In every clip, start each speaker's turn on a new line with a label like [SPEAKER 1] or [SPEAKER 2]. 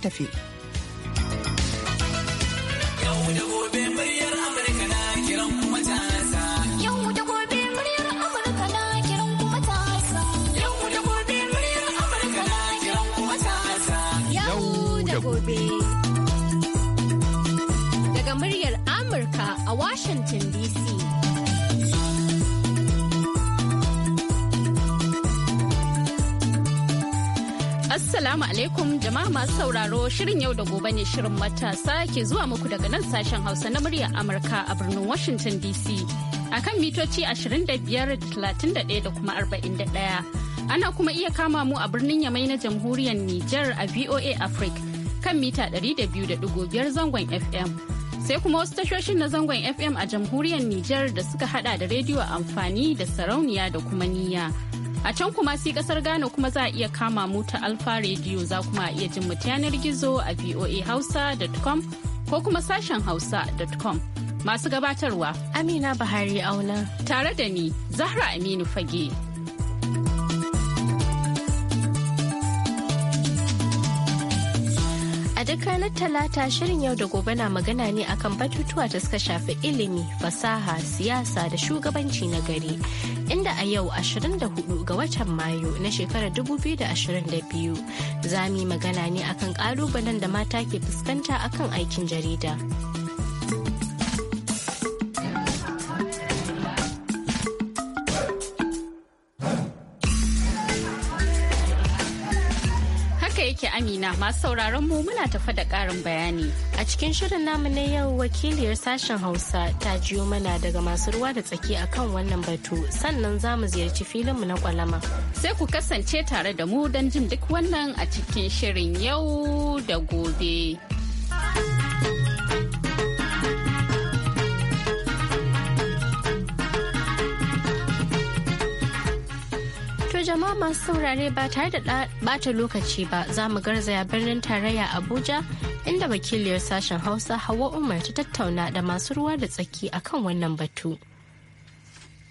[SPEAKER 1] tafi.
[SPEAKER 2] da gobe muryar Amurka na kiran da gobe muryar Amurka na kiran da gobe muryar Amurka na kiran da gobe.
[SPEAKER 1] Daga muryar Amurka a Washington DC. Assalamu alaikum jama'a masu sauraro shirin yau da gobe ne shirin matasa ke zuwa muku daga nan sashen Hausa na muryar Amurka a birnin Washington DC akan mitoci 25, da kuma 41. Ana kuma iya kama mu a birnin Yamai na jamhuriyar Nijar a VOA Africa kan mita 200.5 zangon FM. Sai kuma wasu tashoshin na zangon FM a jamhuriyar Nijar da suka hada da rediyo amfani da sarauniya da kuma niyya. A can kuma si kasar Ghana kuma za a iya kama mu ta Alfa Radio za kuma a iya jin mu yanar gizo a voahausa.com ko kuma sashen hausa.com. Masu gabatarwa Amina Bahari Auna. Tare da ni Zahra Aminu Fage. duk ranar talata shirin yau da gobe na magana ne akan batutuwa da suka shafi ilimi, fasaha, siyasa da shugabanci na gari. Inda a yau 24 ga watan Mayu na shekarar 2022 za mu magana ne akan kalubalen da mata ke fuskanta akan aikin jarida. Amina masu sauraron mu muna tafa da ƙarin bayani. A cikin shirin namu na yau wakiliyar sashen Hausa ta jiyo mana daga masu ruwa da tsaki akan wannan batu sannan za mu ziyarci filinmu na kwalama. Sai ku kasance tare da mu don jin duk wannan a cikin shirin yau da gobe. masu saurare ba tare da bata lokaci ba za mu garzaya birnin tarayya Abuja inda wakiliyar sashen Hausa Hawa Umar ta tattauna da masu ruwa da tsaki akan wannan batu.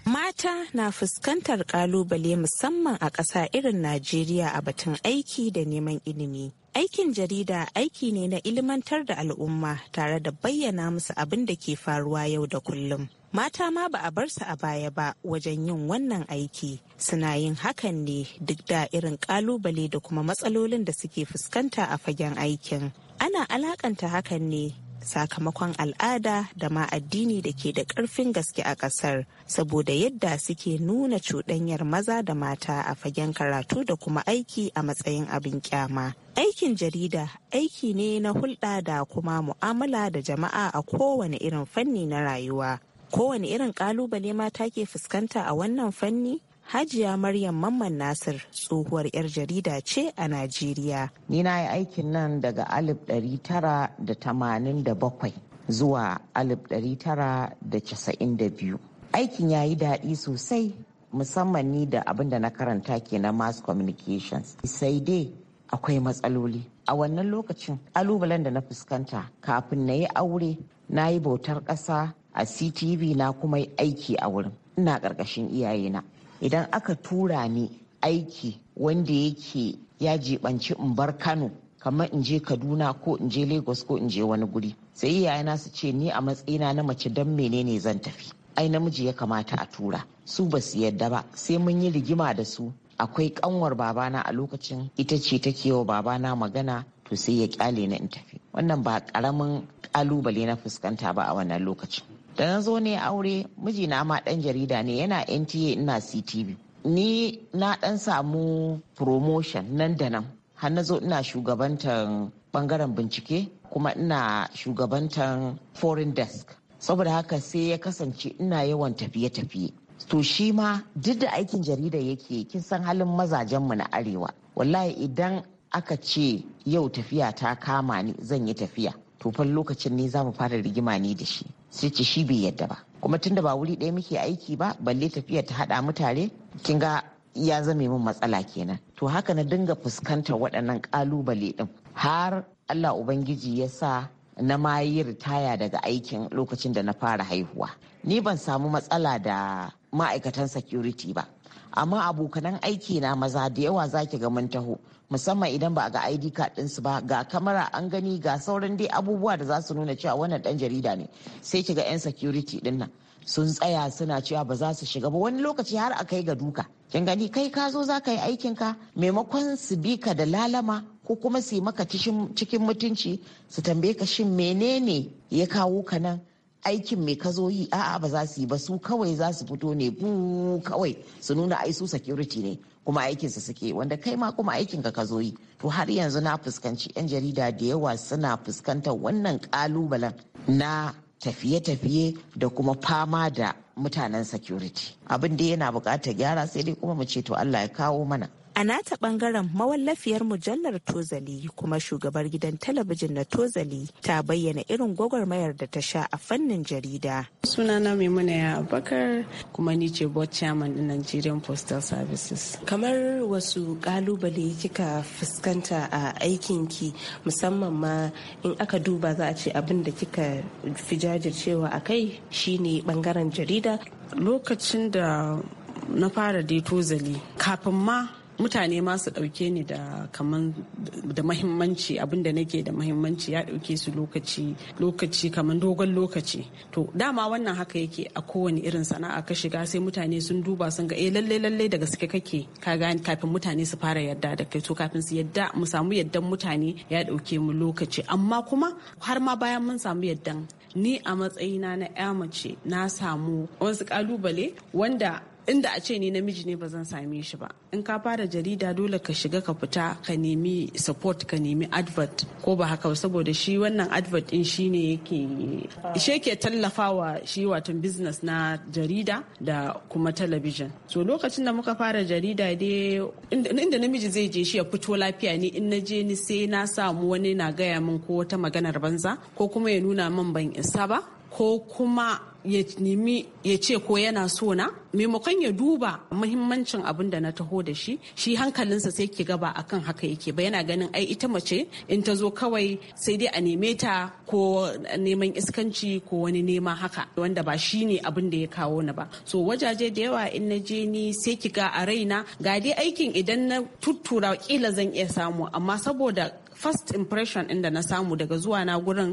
[SPEAKER 3] Mata na fuskantar kalubale musamman a ƙasa irin Najeriya a batun aiki da neman ilimi. Aikin jarida aiki ne na ilmantar da al'umma tare da bayyana musu abin da ke faruwa yau da kullum. Mata ma ba a bar su a baya ba wajen yin wannan aiki. Suna yin hakan ne duk da irin kalubale da kuma matsalolin da suke fuskanta a fagen aikin. Ana alakanta hakan ne sakamakon al'ada da ma addini da ke da ƙarfin gaske a ƙasar saboda yadda suke nuna cuɗanyar maza da mata a fagen karatu da kuma aiki a matsayin abin kyama. Aikin jarida aiki ne na hulɗa da kuma mu'amala da jama'a a kowane irin fanni na rayuwa. Kowane irin ƙalubale mata ke fuskanta a wannan fanni? Hajiya Maryam
[SPEAKER 4] Mamman Nasir tsohuwar 'yar jarida ce a Najeriya. Ni na yi aikin nan daga 1987 zuwa 1992. Aikin ya yi daɗi sosai musamman ni da abin da na karanta ke na mass communications. Sai dai akwai matsaloli. A wannan lokacin alubalen da na fuskanta kafin na yi aure na yi bautar ƙasa a CTV na kuma yi aiki a wurin. Ina ƙarƙashin iyayena. idan aka tura ni aiki wanda yake ya jibanci in bar kano kamar in je kaduna ko in je lagos ko in je wani guri sai iyayena su ce ni a matsayina na mace don menene zan tafi ai namiji ya kamata a tura su ba su yadda ba sai mun yi rigima da su akwai kanwar babana a lokacin ita ce take wa babana magana to sai ya kyale na in tafi wannan ba karamin kalubale na fuskanta ba a wannan lokacin da na zo ne aure mijina ma dan jarida ne yana nta ina ctv ni na dan samu promotion nan da nan har na zo ina shugabantan bangaren bincike kuma ina shugabantan foreign desk saboda haka sai ya kasance ina yawan tafiye-tafiye to shi ma duk da aikin jarida yake kin san halin mazajenmu na arewa wallahi idan aka ce yau tafiya ta kama ni zan yi tafiya to fa lokacin ne za mu fara rigima ni da shi sai ce shi bai yadda ba kuma tunda ba wuri ɗaya muke aiki ba balle tafiya ta haɗa mutane. kin ga ya zame min matsala kenan to haka na dinga fuskantar waɗannan ƙalubale ɗin har Allah Ubangiji ya sa na ma yi ritaya daga aikin lokacin da na fara haihuwa ni ban samu matsala da ma'aikatan security ba amma abokanan aiki na maza da yawa zaki ga mun taho musamman idan ba a ga id card ɗinsu ba ga kamera an gani ga sauran dai abubuwa da za su nuna cewa wannan ɗan jarida ne sai kiga 'yan security ɗin nan sun tsaya suna cewa ba za su shiga ba wani lokaci har a kai ga duka kin gani kai ka zo za ka yi aikinka maimakon su bi ka da lalama ko kuma su yi maka cikin mutunci su tambaye ka shin menene ya kawo ka nan aikin mai ka zo yi a'a ba za su yi ba su kawai za su fito ne bu kawai su nuna ai su security ne kuma aikinsa suke wanda kai ma kuma aikinka ka zo yi to har yanzu na fuskanci 'yan jarida da yawa suna fuskantar wannan kalubalen na tafiye-tafiye da kuma fama da mutanen security abin da yana bukatar gyara sai dai kuma mu ce to Allah ya kawo mana
[SPEAKER 3] A nata bangaren mawallafiyar mujallar Tozali kuma shugabar gidan talabijin na Tozali ta bayyana irin gwagwarmayar da ta sha a fannin jarida.
[SPEAKER 5] Sunana Maimuna ya abakar kuma ni ce board chairman din Nigerian Postal Services. Kamar wasu kalubale kika fuskanta a aikinki musamman
[SPEAKER 3] ma in aka duba za a ce abin da kika fi jajircewa a kai shine
[SPEAKER 5] bangaren jarida. Lokacin da na fara dai tozali kafin ma mutane ma su ɗauke ni da kaman da mahimmanci abinda nake da mahimmanci ya ɗauke su lokaci lokaci kaman dogon lokaci to dama wannan haka yake a kowane irin sana'a ka shiga sai mutane sun duba sun ga eh lalle lalle da gaske kake ka gani kafin mutane su fara yadda da kai to kafin su yadda mu samu yaddan mutane ya ɗauke mu lokaci amma kuma har ma bayan mun samu yaddan ni a matsayina na 'ya mace na samu wasu kalubale wanda inda a ce ni namiji ne ba zan same shi ba in ka fara jarida dole ka shiga ka fita ka nemi support ka nemi advert ko ba haka saboda shi wannan advert din ne yake shi yake tallafawa shi wato business na jarida da kuma talabijin so lokacin da muka fara jarida dai inda namiji zai je shi ya fito lafiya ne in na je ni sai na samu wani na gaya min ko wata maganar banza ko kuma ya nuna min ban isa ba ko kuma ya nemi ya ce ko yana so na maimakon ya duba muhimmancin abin da na taho da shi shi hankalinsa sai ki gaba akan haka yake ba yana ganin ai ita mace in ta zo kawai sai dai a neme ta ko neman iskanci ko wani nema haka wanda ba shi ne abin da ya kawo ni ba so wajaje da yawa in na je ni sai ki ga a raina ga dai aikin idan na tuttura kila zan iya samu amma saboda first impression ɗin da na samu daga zuwa na gurin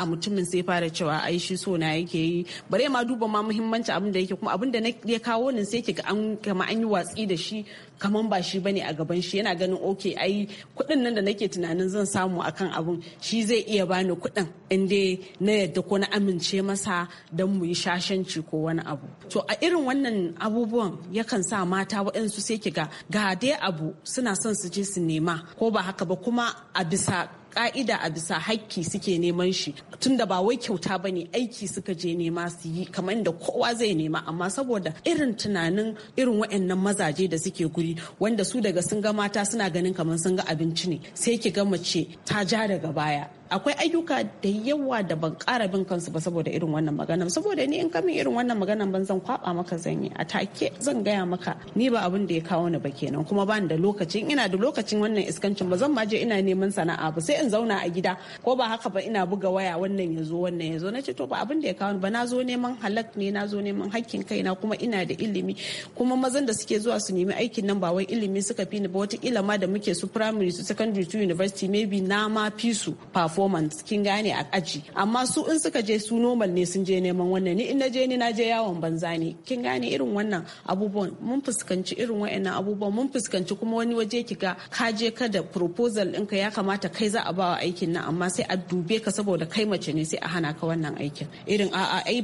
[SPEAKER 5] a mutumin sai fara cewa ai shi so na yake yi bare ma duba ma muhimmanci abin da yake kuma abin da ya kawo ni sai kika an kama an yi watsi da shi kaman ba shi bane a gaban shi yana ganin okay ai kuɗin nan da nake tunanin zan samu akan abun shi zai iya bani kuɗin in dai na yadda ko na amince masa don mu yi shashanci ko wani abu to a irin wannan abubuwan yakan sa mata waɗansu sai kiga ga dai abu suna son su je su nema ko ba haka ba kuma a bisa ka'ida a bisa hakki suke neman shi tunda ba wai kyauta bane aiki suka je nema su yi kamar da kowa zai nema amma saboda irin tunanin irin waɗannan mazaje da suke guri wanda su daga sun ga mata suna ganin kamar sun ga abinci ne sai ki ga mace ta ja daga baya akwai ayyuka da yawa da ban kara bin kansu ba saboda irin wannan magana saboda ni in kamin irin wannan magana ban zan kwaba maka zan yi a take zan gaya maka ni ba abin da ya kawo ni ba kenan kuma ba ni da lokacin ina da lokacin wannan iskancin ba zan ma je ina neman sana'a ba sai in zauna a gida ko ba haka ba ina buga waya wannan ya zo wannan ya zo na ce to ba abin da ya kawo ni ba na zo neman halak ne na zo neman hakkin na kuma ina da ilimi kuma mazan da suke zuwa su nemi aikin nan ba wai ilimi suka fi ni ba wata ma da muke su primary su secondary to university maybe na ma fi su fafo. performance kin gane a aji amma su in suka je su normal ne sun je neman wannan ni in na je ni na je yawon banza ne kin gane irin wannan abubuwan mun fuskanci irin wa'annan abubuwan mun fuskanci kuma wani waje kiga ka je ka da proposal ɗinka ya kamata kai za a ba wa aikin nan amma sai a dube ka saboda kai mace ne sai a hana ka wannan aikin irin a'a ai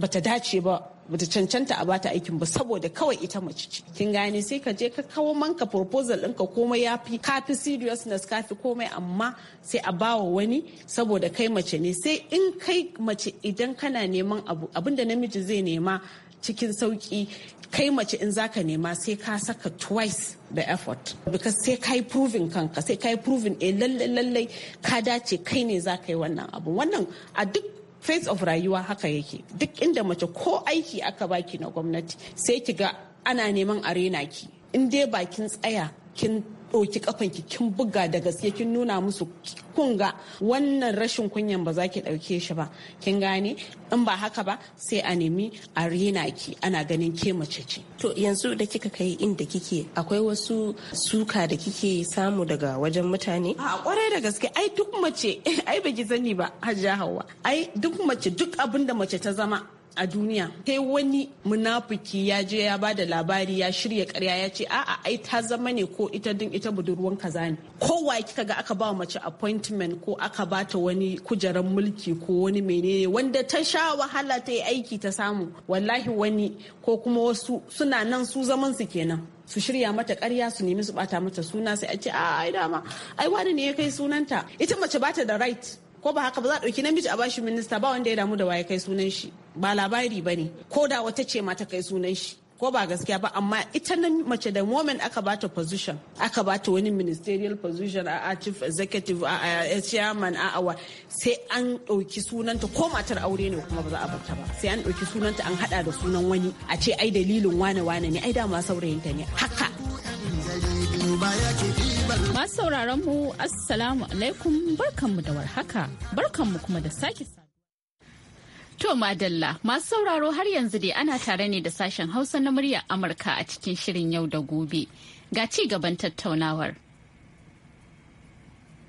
[SPEAKER 5] bata dace ba bata cancanta a bata aikin ba saboda kawai ita mace ce kin gane sai ka je ka kawo manka proposal ɗinka komai ya fi kafi seriousness kafi komai amma sai a bawa wani saboda kai mace ne sai in kai mace idan kana neman abu abinda namiji zai nema cikin sauki kai mace in zaka nema sai ka saka twice the effort because sai kai proving kanka sai kai proving eh lalle lalle ka dace kai ne zaka yi wannan abu wannan a duk face of rayuwa haka yake duk inda mace ko aiki aka baki na gwamnati sai ki ga ana neman arena ki in dai bakin tsaya kin ɗauki ƙafanki kin buga da gaske kin nuna musu kunga wannan rashin kunyan ba za ki ɗauke shi ba kin gane in ba haka ba sai a nemi a rena ki ana ganin ke mace ce to yanzu da kika kai inda kike akwai wasu suka da kike samu daga wajen mutane a kwarai da gaske ai duk mace ai baki sani ba hajja hawa ai duk mace duk abinda mace ta zama a duniya sai wani munafuki ya je ya ba da labari ya shirya karya ya ce a'a ai ta zama ne ko ita din ita budurwan kaza ne Ko kowa kika ga aka ba mace appointment ko aka ba ta wani kujerar mulki ko wani menene wanda ta sha wahala ta yi aiki ta samu wallahi wani ko kuma wasu suna nan su zaman su kenan su shirya mata karya su nemi su bata mata suna sai a ce a ai dama ai wani ne ya kai sunanta ita mace bata da right ko ba haka ba za a ɗauki namiji a bashi minista ba wanda ya damu da waye kai sunan shi ba labari ba ne ko da wata ce ma ta kai sunan shi ko ba gaskiya ba amma ita nan mace da moment aka bata position aka bata wani ministerial position a chief executive a chairman a awa sai an ɗauki sunanta ko matar aure ne kuma ba za a bata ba sai an ɗauki sunanta an hada da sunan wani a ce ai dalilin wane wane ne ai dama saurayinta ne haka duba yake Masu sauraron mu Assalamu alaikum
[SPEAKER 1] barkanmu da warhaka barkanmu kuma da sake To Madalla masu sauraro har yanzu dai ana tare ne da sashen Hausa na murya Amurka a cikin shirin yau da gobe. Ga ci gaban tattaunawar.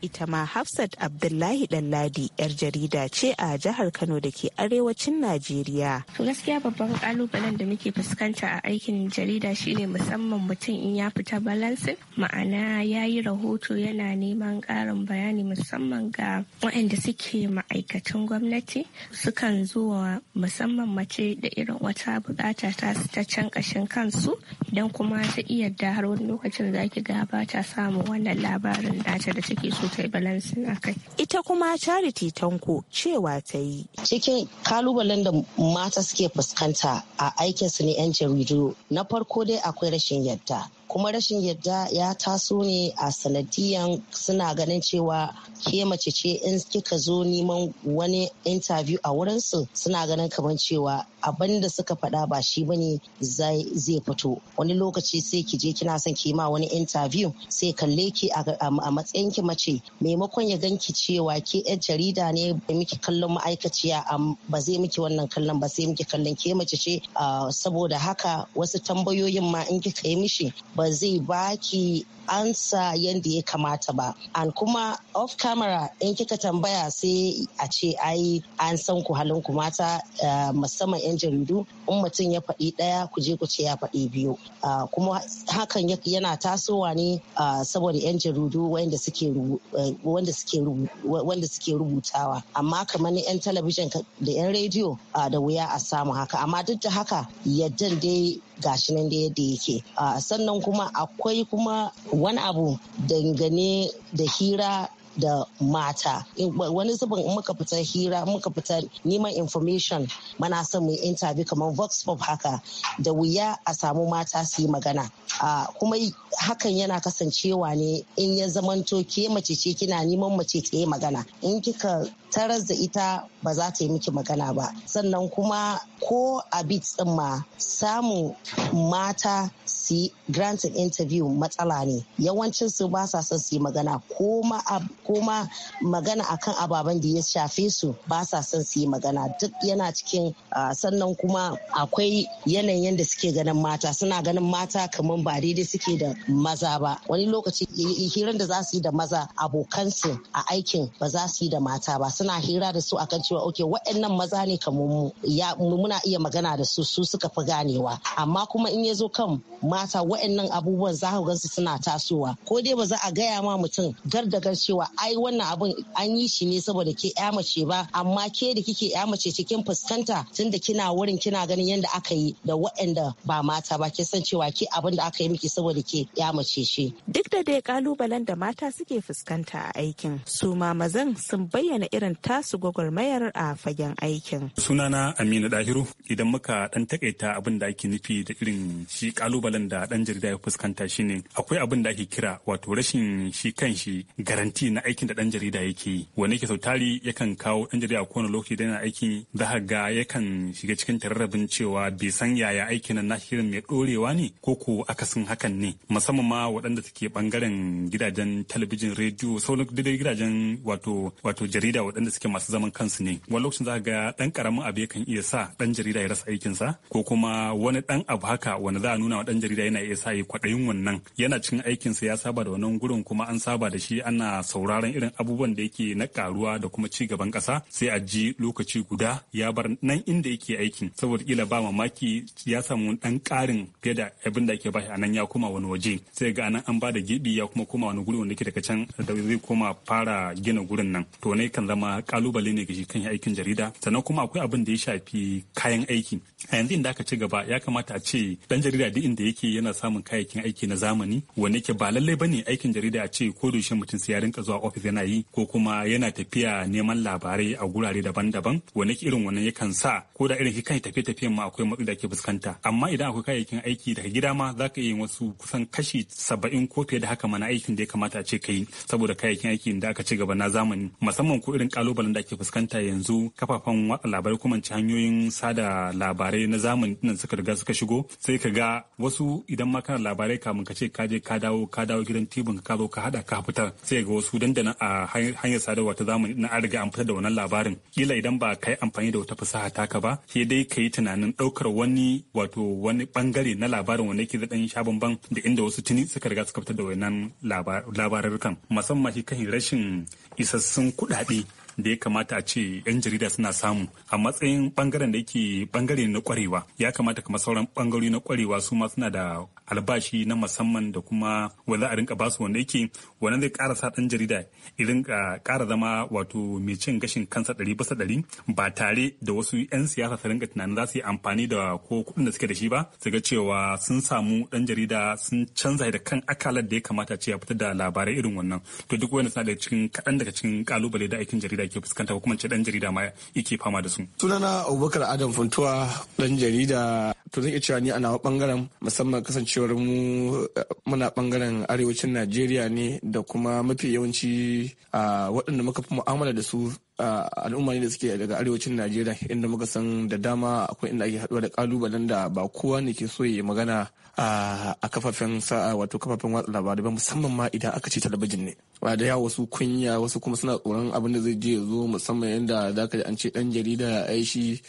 [SPEAKER 1] ita ma Hafsat
[SPEAKER 3] Abdullahi Ɗanladi yar jarida ce a jihar Kano da ke arewacin Najeriya. To gaskiya babban kalubalen da muke fuskanta a aikin jarida shine musamman mutum in ya fita balansin ma'ana ya yi rahoto yana neman ƙarin bayani musamman ga waɗanda suke ma'aikatan gwamnati sukan zuwa musamman mace da irin wata bukata ta ta can ƙashin kansu idan kuma ta iya da har wani lokacin zaki ga ba ta samu wannan labarin nata da take so ko ta yi balansin a
[SPEAKER 6] kai. Ita kuma Charity Tanko cewa ta yi. Cikin kalubalen da mata suke fuskanta a aikinsu ne 'yan jaridu na farko dai akwai rashin yadda. kuma rashin yadda ya taso ne a sanadiyan suna ganin cewa ke mace ce in kika zo neman wani interview a wurinsu suna ganin kamar cewa abin da suka faɗa ba shi bane zai fito wani lokaci sai ki je kina son ki ma wani interview sai kalle ki a matsayin ki mace maimakon ya ganki cewa ke yan jarida ne miki kallon ma'aikaciya ba zai miki wannan kallon ba sai miki kallon ke mace ce saboda haka wasu tambayoyin ma in kika yi mishi ba zai baki ansa yadda ya kamata ba an kuma off camera in kika tambaya sai a ce ai an san ku halin ku mata eh, musamman 'yan jaridu in mutum ya faɗi ɗaya ku je ku ce ya faɗi biyu kuma hakan yana tasowa ne saboda 'yan jaridu wanda suke rubutawa amma kamar na 'yan talabijin da 'yan rediyo da wuya a samu haka amma duk da haka yadda dai gashi nan da yadda yake sannan kuma akwai kuma wani abu dangane da hira da mata wani zubin in muka fita hira muka fita neman information mana son mu interview kamar vox pop haka da wuya a samu mata su yi magana kuma hakan yana kasancewa ne in ya zamanto ke mace ce kina neman mace ta yi magana in kika tarar da ita ba za ta yi miki magana ba sannan kuma ko a bit din ma samun mata su granted interview matsala ne yawancin su ba sa son su yi magana ko ma magana akan ababen da ya shafe su ba sa son su yi magana duk yana cikin sannan kuma akwai yanayin da suke ganin mata suna ganin mata kamar ba daidai suke da maza ba wani lokaci hirar da za su yi da maza abokansu a aikin ba za su yi da mata ba suna hira da su akan cewa ok waɗannan maza ne kamar mu ya muna iya magana da su su suka fi ganewa amma kuma in ya zo kan mata waɗannan abubuwan za ku gansu suna tasowa ko dai ba za a gaya ma mutum gar gar cewa ai wannan abun an yi shi ne saboda ke ya mace ba amma ke da kike ya mace cikin fuskanta tunda kina wurin kina ganin yadda aka yi da waɗanda ba mata ba ke san cewa ke abin da aka yi miki saboda ke ya mace shi. Duk da dai kalubalen da mata suke fuskanta a aikin su ma
[SPEAKER 3] mazan sun bayyana irin tasu gwagwarmayar a fagen aikin.
[SPEAKER 7] Sunana Aminu Dahiru idan muka dan takaita abin da ake nufi da irin shi kalubalen da dan jarida ya fuskanta shine akwai abin da ake kira wato rashin shi kan shi garanti na aikin da dan jarida yake yi wani ke sautari yakan kawo dan jarida a kowane lokaci da yana aikin za ga yakan shiga cikin tararrabin cewa bai san yaya aikin nan na shirin mai ɗorewa ne ko ko aka akasin hakan ne musamman ma waɗanda suke bangaren gidajen talabijin rediyo sauran daidai gidajen wato wato jarida waɗanda suke masu zaman kansu ne wani lokacin za ga ɗan karamin abu yakan iya sa dan jarida ya rasa aikinsa ko kuma wani dan abu haka wanda za a nuna wa ɗan jarida yana iya sa ya kwaɗayin wannan yana cikin aikinsa ya saba da wannan gurin kuma an saba da shi ana sauraron irin abubuwan da yake na karuwa da kuma ci gaban ƙasa sai a ji lokaci guda ya bar nan inda yake aikin saboda kila ba mamaki ya samu ɗan ƙarin fiye da abin da ake bashi nan ya koma wani waje sai ga anan an da gibi ya kuma koma wani guri wanda ke daga can da zai koma fara gina gurin nan to ne kan zama kalubale ne ga shi kan aikin jarida sannan kuma akwai abin da ya shafi kayan aiki a yanzu inda aka ci gaba ya kamata a ce dan jarida duk inda yake yana samun kayayyakin aiki na zamani wanda ke ba lallai bane aikin jarida a ce ko da mutum sai ya rinka zuwa ofis yana yi ko kuma yana tafiya neman labarai a gurare daban-daban wanda irin wannan yakan sa ko da irin kai tafiye-tafiyen ma akwai matsi da ke fuskanta amma idan akwai kayayyakin aiki daga gida ma za ka yin wasu kusan kashi saba'in ko fiye da haka mana aikin da ya kamata a ce ka saboda kayayyakin aiki da aka ci gaba na zamani musamman ko irin kalubalen da ake fuskanta yanzu kafafen watsa labarai kuma ci hanyoyin sada labarai na zamani nan suka riga suka shigo sai ka ga wasu idan ma kana labarai kamun ka ce ka je ka dawo ka dawo gidan tibin ka zo ka hada ka fitar sai ga wasu dandana a hanyar sadarwa ta zamani na an riga an fitar da wannan labarin kila idan ba ka yi amfani da wata fasaha taka ba sai dai ka yi tunanin daukar wani wato wani bangare na labarin wanda yake da ɗan sha bamban da inda wasu tuni suka riga suka fitar da wannan labarurkan musamman shi kan rashin isassun kuɗaɗe da ya kamata a ce 'yan jarida suna samu a matsayin bangaren da yake bangare na kwarewa ya kamata kamar sauran bangare na kwarewa su ma suna da albashi na musamman da kuma wanda a rinka basu wanda yake wannan zai ƙara sa ɗan jarida irin ƙara zama wato mai cin gashin kansa ɗari bisa ɗari ba tare da wasu 'yan siyasa su rinka tunanin za su yi amfani da ko kuɗin da suke da shi ba su ga cewa sun samu ɗan jarida sun canza da kan akalar da ya kamata ce a fitar da labarai irin wannan to duk wani suna da cikin kaɗan daga cikin kalubale da aikin jarida ke fuskanta ko kuma ce ɗan jarida ma yake fama da su. sunana abubakar adam funtuwa
[SPEAKER 8] ɗan jarida to zan iya cewa ni a nawa ɓangaren musamman kasance kasancewar mu muna bangaren arewacin najeriya ne da kuma mafi yawanci a ah, waɗanda muka fi mu'amala da su al'umma ne da suke daga arewacin najeriya inda muka san da dama akwai inda ake haduwa da kalubalen da ba kowa ne ke so ya magana a kafafen sa'a wato kafafen watsa labarai ba musamman ma idan aka ce talabijin ne ba da yawa wasu kunya wasu kuma suna tsoron abin da zai je ya zo musamman yadda za ka an ce dan jarida ya shi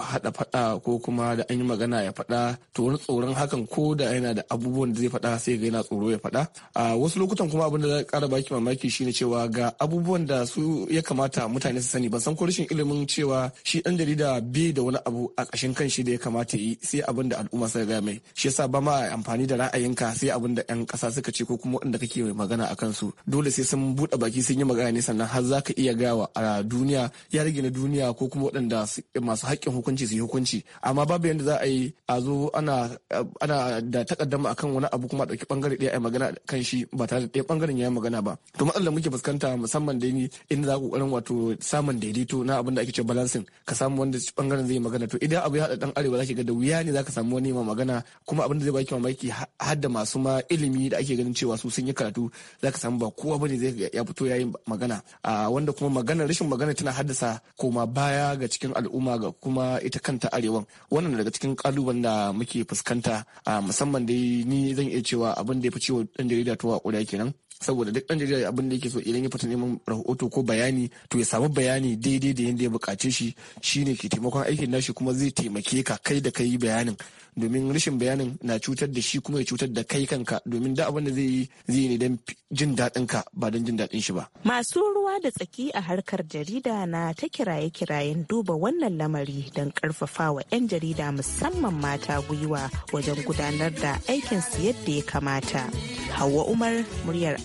[SPEAKER 8] haɗa faɗa ko kuma da an yi magana ya fada to wani tsoron hakan ko da yana da abubuwan da zai faɗa sai ga yana tsoro ya faɗa a wasu lokutan kuma abin da za ka kara baki mamaki shine cewa ga abubuwan da su ya kamata mutane mutane su sani ban san ko rashin ilimin cewa shi dan jarida bi da wani abu a ƙashin kan shi da ya kamata yi sai abin da al'umma suka gaya mai shi yasa ba ma amfani da ra'ayinka sai abin da ƴan ƙasa suka ce ko kuma wanda kake magana a kansu dole sai sun buɗe baki sun yi magana ne sannan har za ka iya gawa a duniya ya rage na duniya ko kuma waɗanda masu haƙƙin hukunci su yi hukunci amma babu yadda za a yi a zo ana ana da takaddama akan wani abu kuma ɗauki ɓangare ɗaya a magana kan shi ba tare da ɗaya ɓangaren ya magana ba to matsalar muke fuskanta musamman da ni inda za ku ƙoƙarin wato samun daidaito na abin da ake cewa balancing ka samu wanda bangaren zai magana to idan abu ya hada dan arewa zaki ga da wuya ne zaka samu wani ma magana kuma abin da zai baki mamaki har da masu ma ilimi da ake ganin cewa su sun yi karatu zaka samu ba kowa bane zai ya fito yayin magana a wanda kuma magana rashin magana tana haddasa koma baya ga cikin al'umma ga kuma ita kanta arewan wannan daga cikin kalubalen da muke fuskanta musamman dai ni zan iya cewa abin da ya fi ciwo dan jarida to a kenan saboda duk ɗan jarida abin da yake so idan ya fita neman rahoto ko bayani to ya samu bayani daidai da yadda ya buƙace shi shine ke taimakon aikin nashi kuma zai taimake ka kai da kai bayanin domin rashin bayanin na cutar da shi kuma ya cutar da kai kanka domin da abin da zai yi zai yi ne don jin daɗin ka ba don jin daɗin shi ba.
[SPEAKER 3] Masu ruwa da tsaki a harkar jarida na ta kiraye-kirayen duba wannan lamari don ƙarfafawa 'yan jarida musamman mata gwiwa wajen gudanar da aikinsu yadda ya kamata. Hauwa Umar, muryar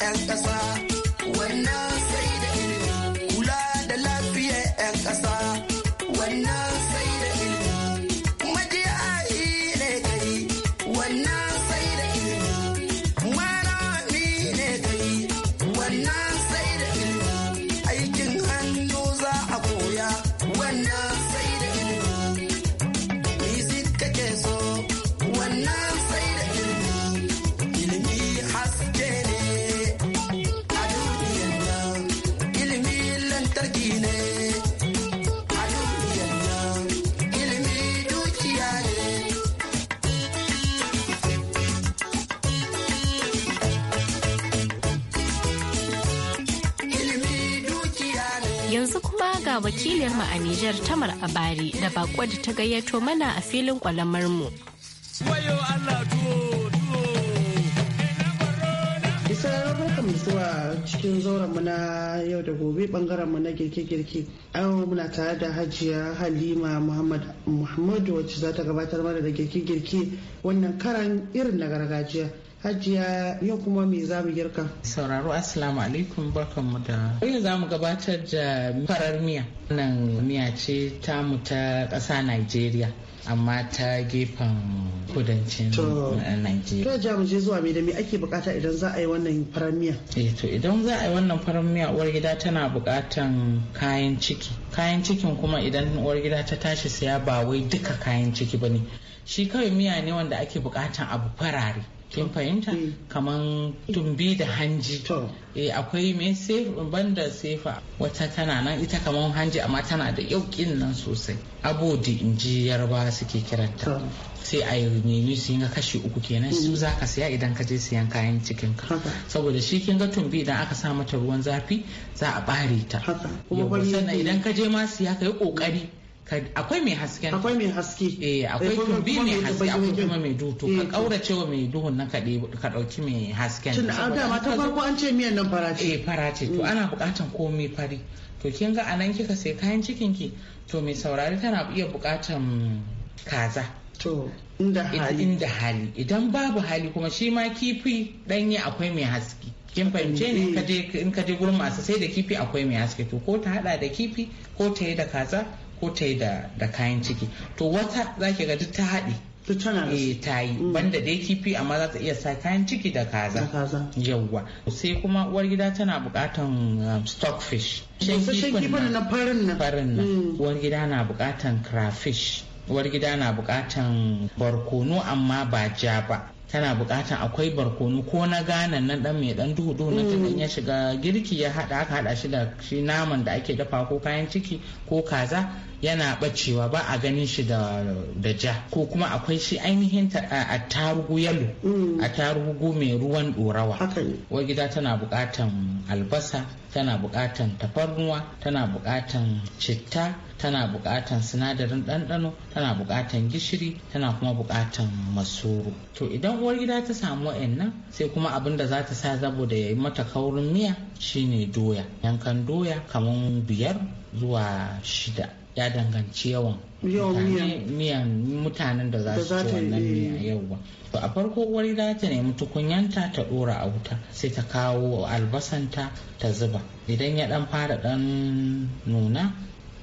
[SPEAKER 2] 'yan ƙasa.
[SPEAKER 1] wakiliyar mu a Nijar Tamar Abari da bako da ta gayyato mana a filin kwalamar mu.
[SPEAKER 2] zuwa cikin zauren mu na yau da gobe bangaren mu
[SPEAKER 5] na girke-girke an muna tare da hajiya halima muhammad muhammadu wacce za
[SPEAKER 9] ta gabatar mana da girke-girke wannan karan irin na gargajiya Hajiya yau kuma me za mu girka? Sauraro Assalamu alaikum mu da. Yau za mu gabatar da farar miya. Wannan miya ce mu ta ƙasa Najeriya. amma ta gefen kudancin Najeriya. To ja je zuwa me da me ake bukata idan za a yi wannan farar miya? Eh to idan za a yi wannan farar miya uwar gida tana bukatan kayan ciki. Kayan cikin kuma idan uwar gida ta tashi saya ba wai duka kayan ciki bane. Shi kawai miya ne wanda ake bukatan abu farare. kin fahimta mm. kaman tumbi da hanji eh akwai mai sefa banda sefa wata tana nan ita kaman hanji amma tana da yaukin nan sosai abodi inji yarba suke kiranta sai a nemi su yi kashi uku kenan su mm. za ka siya idan ka je siyan kayan cikin ka saboda shi kin ga tumbi idan aka sa mata ruwan zafi za a bare ta sannan idan ka je ma siya ka yi kokari akwai mai hasken akwai mai haske eh akwai tumbi mai haske akwai kuma mai duto ka eh, kaurace wa mai duhun nan ka ka dauki mai hasken tun a dama ta farko an ce miyan nan fara ce eh fara ce to mm. ana bukatan komai fari to kin ga anan kika sai kayan cikin ki to mai saurari tana iya bukatan kaza to inda hali inda hali idan babu hali kuma shi ma kifi danye akwai mai haske kin fahimce ne eh. in ka je gurin masu sai da kifi akwai mai haske to ko ta hada da kifi ko ta yi da kaza ko ta yi da kayan ciki to wata za ki ga duk ta haɗe eh ta yi mm. banda dai kifi amma za ta iya sa kayan ciki da kaza yawwa sai kuma uwar gida tana bukatan um, stockfish shekifin na farin nan farin mm. uwar na bukatan crayfish uwar gida na bukatan barkono amma ba ja ba tana bukatan akwai barkono ko na ganan nan dan mai dan duhu duhu na tukan mm. ya shiga girki ya haɗa aka haɗa shi da shi naman da ake dafa ko kayan ciki ko kaza yana bacewa ba a ganin shi da ja ko kuma akwai shi ainihin a tarugu yalo mm. a tarugu mai ruwan dorawa wa gida tana bukatan albasa tana bukatan tafarnuwa tana bukatan citta tana bukatan sinadarin ɗanɗano tana bukatan gishiri tana kuma bukatan masoro to idan uwar gida ta samu wa'annan sai kuma abin da za ta sa da ya yi mata kaurin miya shine doya yankan doya kamar biyar zuwa shida ya danganci yawan miyan mutanen da za su ci wannan miya eh. yau ba to a farko wani za ta nemi tukunyanta ta dora a wuta sai ta kawo albasanta ta zuba idan ya dan fara dan nuna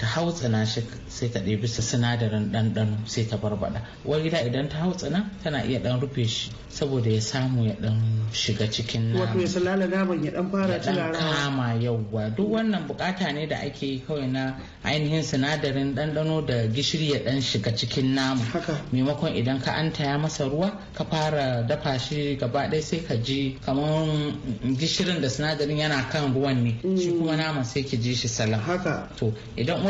[SPEAKER 9] ta hautsina shi sai ta ɗebi sa sinadarin ɗanɗano sai ta barbaɗa wani gida idan ta hautsina tana iya ɗan rufe shi saboda ya samu ya ɗan shiga cikin nama wato ya salala naman ya ɗan fara ya kama yauwa duk wannan bukata ne da ake yi kawai na ainihin sinadarin ɗanɗano da gishiri ya ɗan shiga cikin nama maimakon idan ka an taya masa ruwa ka fara dafa shi gaba ɗaya sai ka ji kamar gishirin da sinadarin yana kan ruwan ne shi mm. kuma nama sai ki ji shi salam haka to idan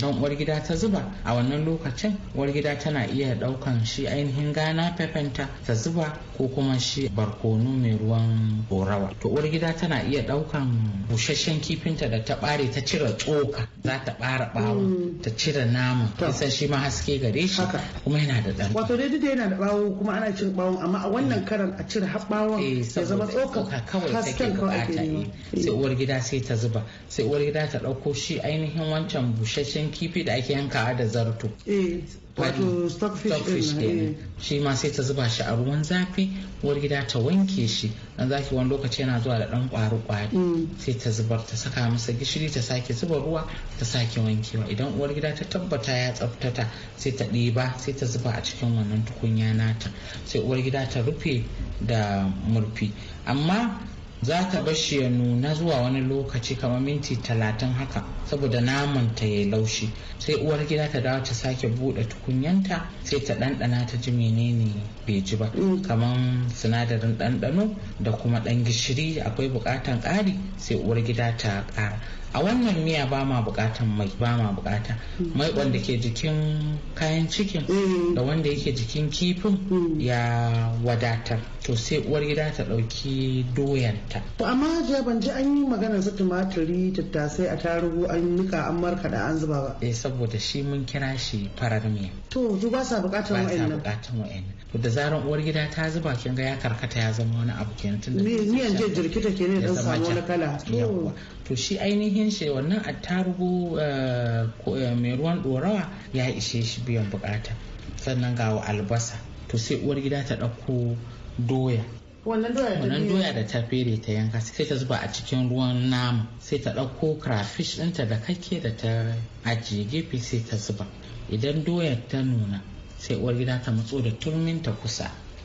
[SPEAKER 9] don uwar gida ta zuba a wannan lokacin uwar gida tana iya daukan shi ainihin gana pepenta ta zuba ko kuma shi barkono mai ruwan borawa to uwar gida tana iya daukan busasshen kifinta da ta bare ta cire tsoka za ta bara bawon mm. ta cire nama kusan shi ma haske gare shi kuma yana da dan
[SPEAKER 2] wato dai da yana da bawo kuma ana cin bawon amma a wannan mm.
[SPEAKER 9] karan a cire har bawon eh, ya zama tsoka kawai take bukata eh. sai uwar gida sai ta zuba sai uwar gida ta dauko shi ainihin wancan bushe busasshen kifi da ake yankawa da zarto eh, wato stockfish din eh. shi ma sai ta zuba shi a ruwan zafi wani gida ta wanke shi dan zaki wani lokaci yana zuwa da dan kwaru kwari mm. sai ta zubar ta saka masa gishiri ta sake zuba ruwa ta sake wankewa idan uwar gida ta tabbata ya tsaftata sai ta ɗiba sai ta zuba a cikin wannan tukunya nata sai uwar gida ta rufe da murfi amma za ka bar shi ya nuna zuwa wani lokaci kamar minti talatin haka saboda naman ta ya laushi sai uwar gida ta dawo ta sake bude tukunyanta sai ta ɗanɗana ta ji menene bai ji ba mm. kamar sinadarin ɗanɗano da kuma ɗan gishiri akwai buƙatan ƙari sai uwar gida ta ƙara a wannan miya ba ma bukatan mai ba ma bukata mm. mai wanda ke jikin kayan cikin mm. da wanda yake jikin kifin ya wadatar to sai uwar gida ta ɗauki doyanta.
[SPEAKER 2] To amma jiya ban ji an yi magana su
[SPEAKER 9] tumaturi tattasai a tarugu an nika an da an zuba ba. Eh saboda shi mun kira shi farar miya. To su ba sa bukatar wa'annan. Ba sa bukatar wa'annan. To da zaran uwar gida ta zuba kin ga ya karkata ya zama wani abu kenan tunda. an je jirkita kenan dan samu wani kala. To shi ainihin shi wannan attarugu eh, eh, mai ruwan dorawa ya ishe shi biyan buƙata. Sannan ga albasa. To sai uwar gida ta ɗauko doya wannan doya da ta fere ta yanka sai ta zuba a cikin ruwan nama sai ta ɗauko krafish ɗinta da kake da ta ajiye gefe sai ta zuba idan doya ta nuna sai uwar gida ta matso da turmin ta kusa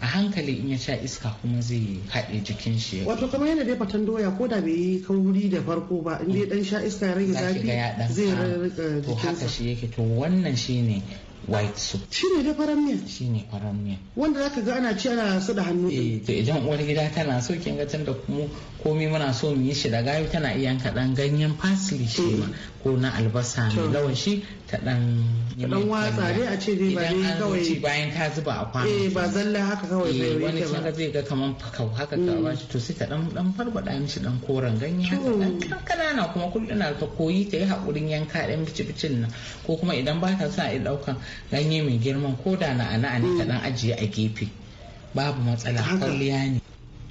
[SPEAKER 9] a hankali in ya sha iska kuma zai haɗe jikin shi wato kamar yana dai fatan doya ko da bai yi kauri da farko ba in dai dan sha iska ya rage zafi zai rage to haka shi yake to wannan shine white soup shi ne da faran miya shi ne farar miya wanda zaka ga ana ci ana su da hannu eh to idan uwar gida tana so kin ga tunda kuma komai muna so mu yi shi da gayu tana iya yanka dan ganyen parsley shi mm. ma ko na albasa mai lawan shi ta dan dan watsa dai a ce dai ba ne kawai bayan ka zuba a kwano eh ba zalla haka kawai eh, bai wani kin ga zai ga kaman fakau haka ka mm. ba shi to sai ta dan dan farbada mishi dan koren ganye haka dan kanana kuma kullun na ta koyi ta yi hakurin yanka dan bici bicin nan ko kuma idan ba ta sa a daukan ganye mai girman ko da na ana ne mm. ta dan ajiye a gefe babu matsala kalliya ne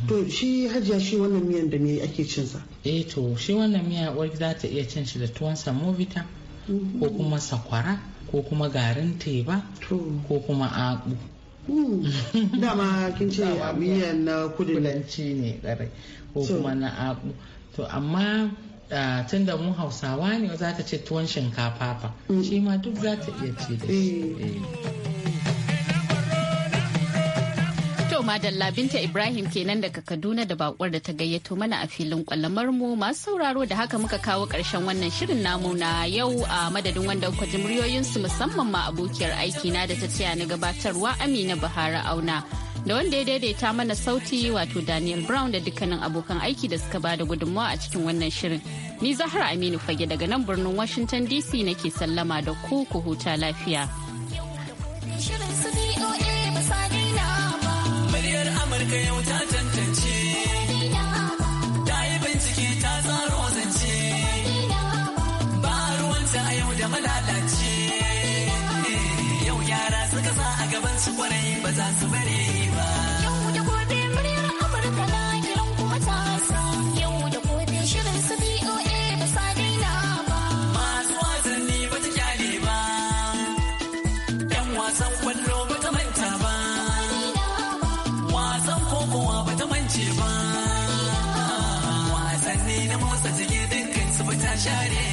[SPEAKER 9] to shi hajiya shi wannan miyan da me ake cin sa eh to shi wannan miya uwar za ta iya cin shi da tuwon samovita
[SPEAKER 2] Mm-hmm. ko kuma
[SPEAKER 9] sakwara ko kuma garin teba ko kuma abu mm. dama kin ce miyan na kudulanci ne ɗarai ko kuma na abu to amma tun da mu hausawa ne za ta ce tuwon shinkafa fa mm. shi ma duk za ta iya ce da shi eh. Eh.
[SPEAKER 1] dalla binta Ibrahim kenan daga Kaduna da bakwar da ta gayyato mana a filin kwallamar mu masu sauraro da haka muka kawo karshen wannan shirin namu na yau a madadin wanda kwa ji su musamman ma abokiyar aiki na da ta taya ni gabatarwa Amina Bahara Auna. Da wanda ya daidaita mana sauti wato Daniel Brown da dukkanin abokan aiki da suka bada gudunmawa a cikin wannan shirin. Ni Zahra Aminu Fage daga nan birnin Washington DC nake sallama da ku ku huta lafiya.
[SPEAKER 2] ka yau ta tantance ta yi bincike ta tsaro zance ba ruwanta a yau da malalace yau yara suka sa a gaban su kwarai ba za su bare